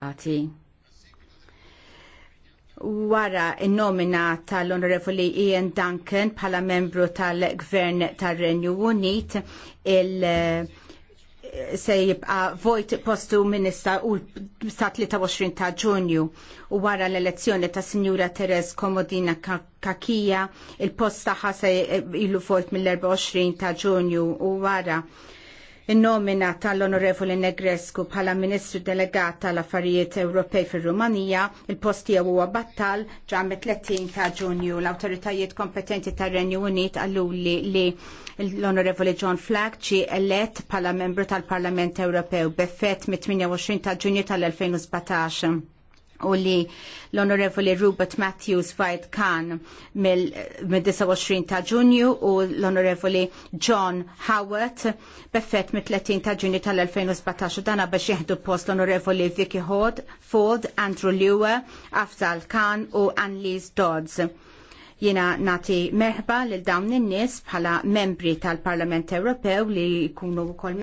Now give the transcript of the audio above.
Ati. Wara il-nomina tal-Onorevoli Ian Duncan bħala membru tal-Gvern tal-Renju Unit il- se jibqa vojt postu minista u sa 23 ta' ġunju u wara l-elezzjoni ta' Sinjura Teres Komodina Kakija il-post taħħa se ilu vojt mill-24 ta' ġunju u wara In-nomina tal-Onorevoli Negrescu bħala Ministru Delegat tal-Affarijiet Ewropej fir-Rumanija, il posti għu huwa battal ġa 30 ta' Ġunju. L-awtoritajiet kompetenti tar-Renju Unit għalluli li l-Onorevoli John Flagg ġie elett bħala membru tal-Parlament Ewropew beffett mit-28 ta' Ġunju tal-2017 u li l-Onorevoli Rupert Matthews fajt Khan mill-29 ta' ġunju u l-Onorevoli John Howard beffet mit-30 ta' ġunju tal-2017 dana biex jihdu post l-Onorevoli Vicky Hod, Ford, Andrew Lewa, Afzal Khan u Annelies Dodds. Jina nati merħba lil dawn n nies bħala membri tal-Parlament Ewropew li jkunu wkoll